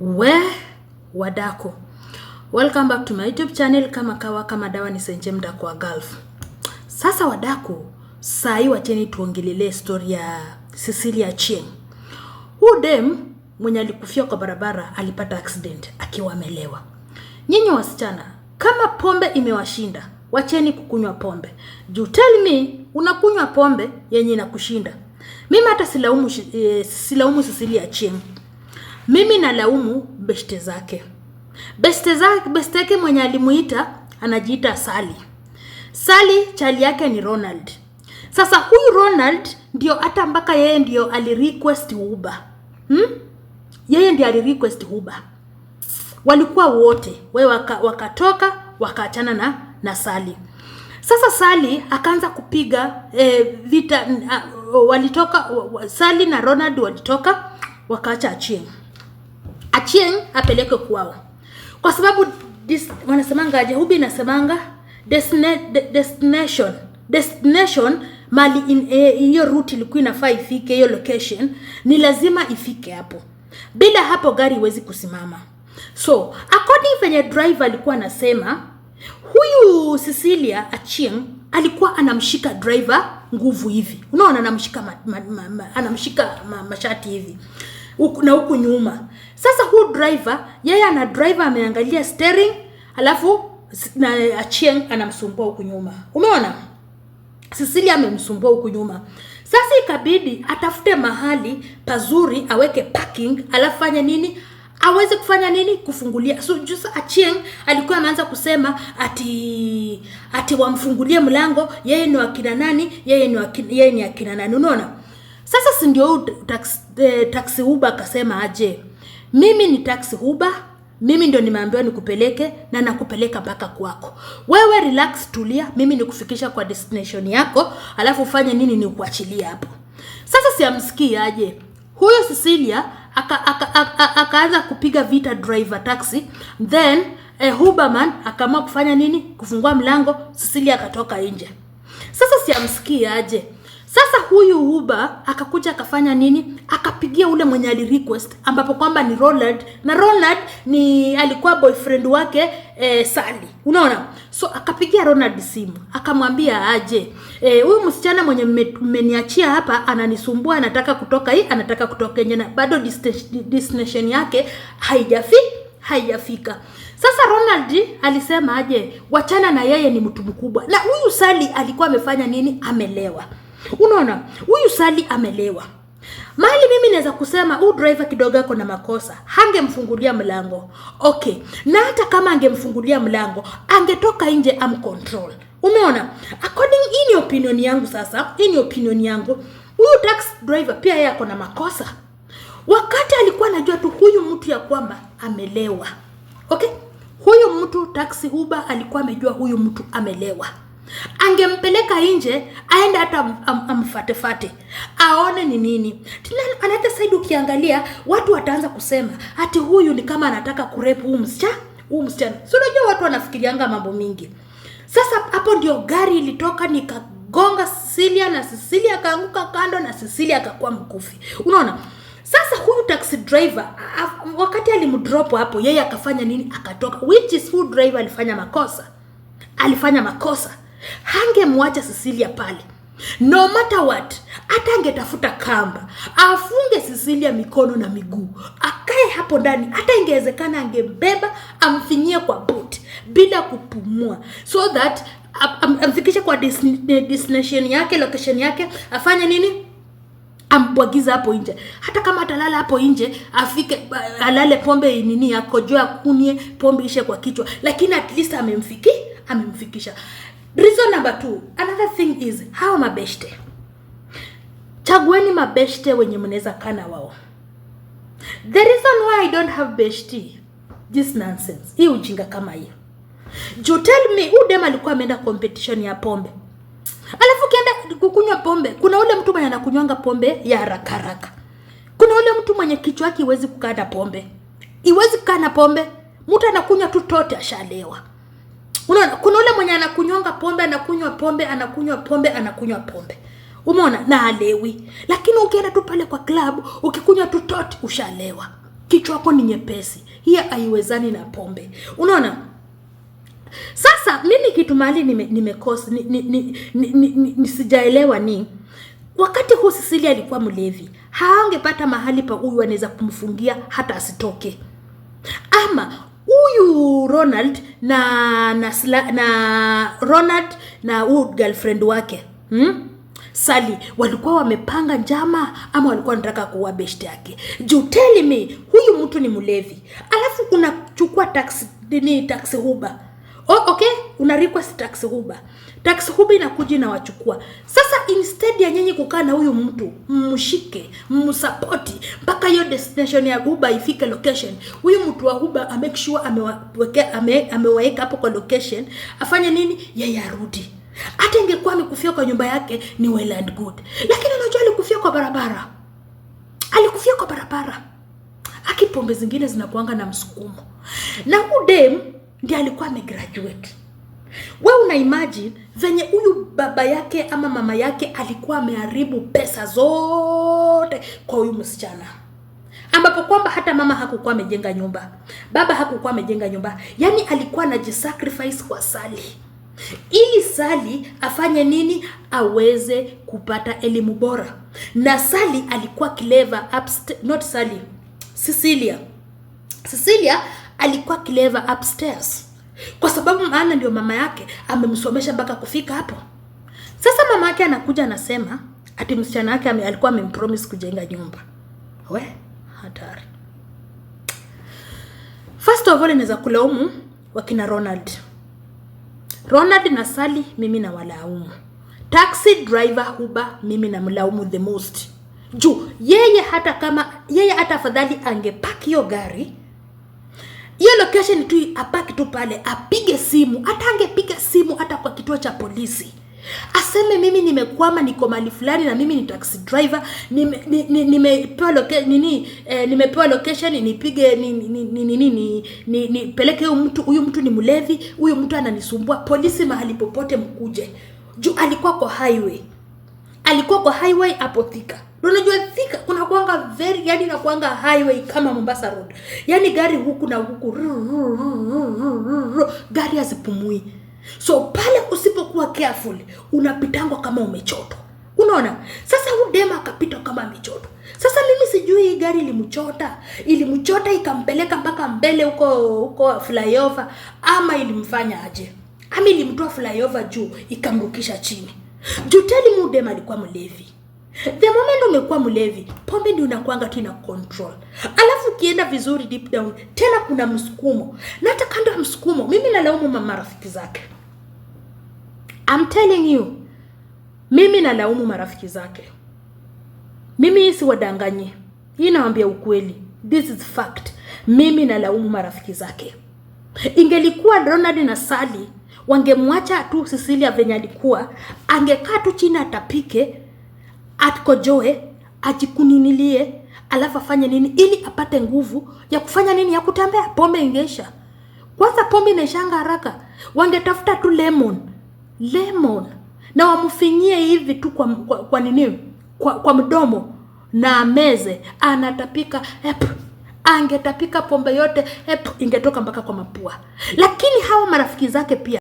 we wadako welcome back to my youtube channel kama kawa kama dawa ni senjemda kwa gulf sasa wadako saa hii wacheni tuongelelee story ya Cecilia Chieng huu dem mwenye alikufia kwa barabara alipata accident akiwa amelewa nyinyi wasichana kama pombe imewashinda wacheni kukunywa pombe juu tell me unakunywa pombe yenye inakushinda mimi hata silaumu, eh, silaumu Cecilia Chieng mimi nalaumu beste zake. beste zake, beste yake mwenye alimuita anajiita sali sali chali yake ni Ronald. Sasa huyu Ronald ndio hata mpaka yeye ndio alirequest Uber. Hmm? Yeye ndio alirequest Uber. Walikuwa wote, wewe waka, wakatoka wakaachana na na Sali. Sasa sali akaanza kupiga eh, vita uh, walitoka Sali na Ronald walitoka wakaacha Achieng'. Achieng apelekwe kwao, kwa sababu this, wanasemanga Jehubi inasemanga desne, destination destination mali e, hiyo e, route ilikuwa inafaa ifike hiyo location, ni lazima ifike hapo. Bila hapo gari iwezi kusimama. So according venye driver alikuwa anasema, huyu Cecilia Achieng alikuwa anamshika driver nguvu hivi, unaona, anamshika ma, ma, ma, anamshika ma, mashati hivi na huku nyuma. Sasa huu driver yeye ana driver ameangalia steering, alafu na Achieng anamsumbua huku nyuma. Umeona? sisili amemsumbua huku nyuma. Sasa ikabidi atafute mahali pazuri aweke parking, alafu fanya nini? Aweze kufanya nini? Kufungulia. So just Achieng alikuwa ameanza kusema ati ati wamfungulie mlango, yeye ni wakina nani? Yeye ni wakina, yeye ni akina nani? Unaona? Sasa si ndio huyu taxi, eh, taxi Uber akasema aje, mimi ni taxi Uber, mimi ndio nimeambiwa nikupeleke na nakupeleka mpaka kwako. Wewe relax, tulia, mimi nikufikisha kwa destination yako, alafu ufanye nini, ni kuachilia hapo. Sasa amsikii aje huyo Cecilia akaanza aka, aka, aka kupiga vita driver taxi then eh, Uberman akaamua kufanya nini? Kufungua mlango, Cecilia akatoka nje. Sasa amsikii aje sasa huyu Uber akakuja akafanya nini? Akapigia ule mwenye ali request ambapo kwamba ni Ronald na Ronald ni alikuwa boyfriend wake eh, Sally. Unaona? So akapigia Ronald simu, akamwambia aje. Eh, Huyu msichana mwenye mmeniachia hapa ananisumbua, anataka kutoka hii, anataka kutoka nje na bado destination yake haijafi haijafika. Sasa Ronald alisema aje, wachana na yeye, ni mtu mkubwa. Na huyu Sally alikuwa amefanya nini? Amelewa. Unaona, huyu sali amelewa. Mali mimi naweza kusema huyu driver kidogo ako na makosa, hangemfungulia mlango okay, na hata kama angemfungulia mlango angetoka nje control. Umeona, according, hii ni opinion yangu. Sasa hii ni opinion yangu. Huyu taxi driver pia yeye ako na makosa, wakati alikuwa anajua tu huyu mtu ya kwamba amelewa. Okay, huyu mtu taxi Uber alikuwa amejua huyu mtu amelewa. Angempeleka nje aende hata am, am, amfatefate aone ni nini tena. Anata saidi ukiangalia watu wataanza kusema hati huyu ni kama anataka kurepu huyu msichana huyu msichana, si unajua watu wanafikirianga mambo mingi. Sasa hapo ndio gari ilitoka nikagonga Cecilia na Cecilia akaanguka kando na Cecilia akakuwa mkufi, unaona. Sasa huyu taxi driver wakati alimdrop hapo, yeye akafanya nini? Akatoka, which is who driver alifanya makosa, alifanya makosa hangemwacha Cecilia pale no matter what. Hata angetafuta kamba afunge Cecilia mikono na miguu, akae hapo ndani, hata ingewezekana angembeba amfinyie kwa boti bila kupumua, so that amfikishe kwa destination yake, location yake, afanye nini ambwagiza hapo nje, hata kama atalala hapo nje, afike alale pombe nini yakojoa akunie pombe ishe kwa kichwa, lakini at least amemfiki amemfikisha. Reason number two, another thing is hawa mabeshte, chagueni mabeshte wenye mnaweza kana wao. The reason why I don't have beshti this nonsense, hii ujinga kama hii juu, tell me huyu dem alikuwa ameenda competition ya pombe alafu kienda kukunywa pombe. Kuna ule mtu mwenye anakunywanga pombe ya haraka haraka, kuna ule mtu mwenye kichwa yake iwezi kukaa na pombe, iwezi kukaa na pombe, mtu anakunywa tu tote ashalewa. Unaona, kuna ule mwenye anakunyonga pombe, anakunywa pombe, anakunywa pombe, anakunywa pombe, umeona na alewi. Lakini ukienda tu pale kwa klabu ukikunywa tu toti, ushalewa, kichwa chako ni nyepesi. Hiyo haiwezani na pombe, unaona. Sasa mimi kitu mali nimekosa nisijaelewa ni, ni, ni, ni, ni, ni sijaelewa ni wakati huu Sisili alikuwa mlevi, haangepata mahali pa huyu anaweza kumfungia hata asitoke ama huyu Ronald na na, sla, na Ronald na huyu girlfriend wake hmm? Sali, walikuwa wamepanga njama ama walikuwa wanataka kuua best yake. Juu tell me huyu mtu ni mlevi, alafu unachukua taxi ni taxi huba Oh, okay, una request tax huba. Tax huba inakuja na wachukua. Sasa instead ya nyinyi kukaa na huyu mtu, mmshike, msupporti mpaka hiyo destination ya huba ifike location. Huyu mtu wa huba a amewaeka sure ame, hapo kwa location, afanye nini? Yeye arudi. Hata ingekuwa amekufia kwa nyumba yake ni well and good. Lakini unajua alikufia kwa barabara. Alikufia kwa barabara. Aki pombe zingine zinakuanga na msukumo. Na udem ndiye alikuwa amegraduate. We una imagine venye huyu baba yake ama mama yake alikuwa ameharibu pesa zote kwa huyu msichana, ambapo kwamba hata mama hakukuwa amejenga nyumba, baba hakukuwa amejenga nyumba, yaani alikuwa anajisacrifice kwa Sali ili Sali afanye nini? Aweze kupata elimu bora. Na Sali alikuwa clever upstairs, not Sali, Cecilia. Cecilia alikuwa kileva upstairs, kwa sababu maana ndio mama yake amemsomesha mpaka kufika hapo. Sasa mama yake anakuja anasema ati msichana wake alikuwa amempromise kujenga nyumba. We, hatari. First of all, inaweza kulaumu wakina Ronald. Ronald na Sally mimi na walaumu. Taxi driver huba, mimi mlaumu the most. Juu yeye hata kama yeye hata afadhali angepaki hiyo gari hiyo location tu apaki tu pale, apige simu. Hata angepiga simu hata kwa kituo cha polisi, aseme mimi nimekwama, niko mahali fulani na mimi ni taxi driver, nimepewa nime, nime nini eh, nimepewa location nipige nini nini ni, nipeleke huyu mtu, huyu mtu ni mlevi, huyu mtu ananisumbua. Polisi mahali popote mkuje, juu alikuwa kwa highway, alikuwa kwa highway hapo Thika unajua thika kuna kuanga very yani na kuanga highway kama Mombasa Road, yani gari huku na huku gari hazipumui. So pale usipokuwa careful unapitangwa kama umechoto. unaona. Sasa huyu dema akapita kama amechotwa. Sasa mimi sijui hii gari ilimchota, ilimchota ikampeleka mpaka mbele huko huko flyover, ama ilimfanya aje, ama ilimtoa flyover juu ikamrukisha chini. Juu teli mudema alikuwa mlevi The moment umekuwa mlevi, pombe ndio unakwanga tu ina control. Alafu ukienda vizuri deep down, tena kuna msukumo. Na hata kando ya msukumo, mimi nalaumu mama rafiki zake. I'm telling you. Mimi nalaumu marafiki zake. Mimi si wadanganye. Hii nawaambia ukweli. This is fact. Mimi nalaumu marafiki zake. Ingelikuwa Ronald na Sally wangemwacha tu Cecilia venye alikuwa, angekaa tu chini atapike atkojoe, ajikuninilie, alafu afanye nini ili apate nguvu ya kufanya nini? Ya kutembea. Pombe ingeisha kwanza, pombe inaishanga haraka. Wangetafuta tu lemon lemon na wamfinyie hivi tu kwa, kwa, kwa nini kwa, kwa mdomo na ameze, anatapika ep, angetapika pombe yote ep, ingetoka mpaka kwa mapua. Lakini hawa marafiki zake pia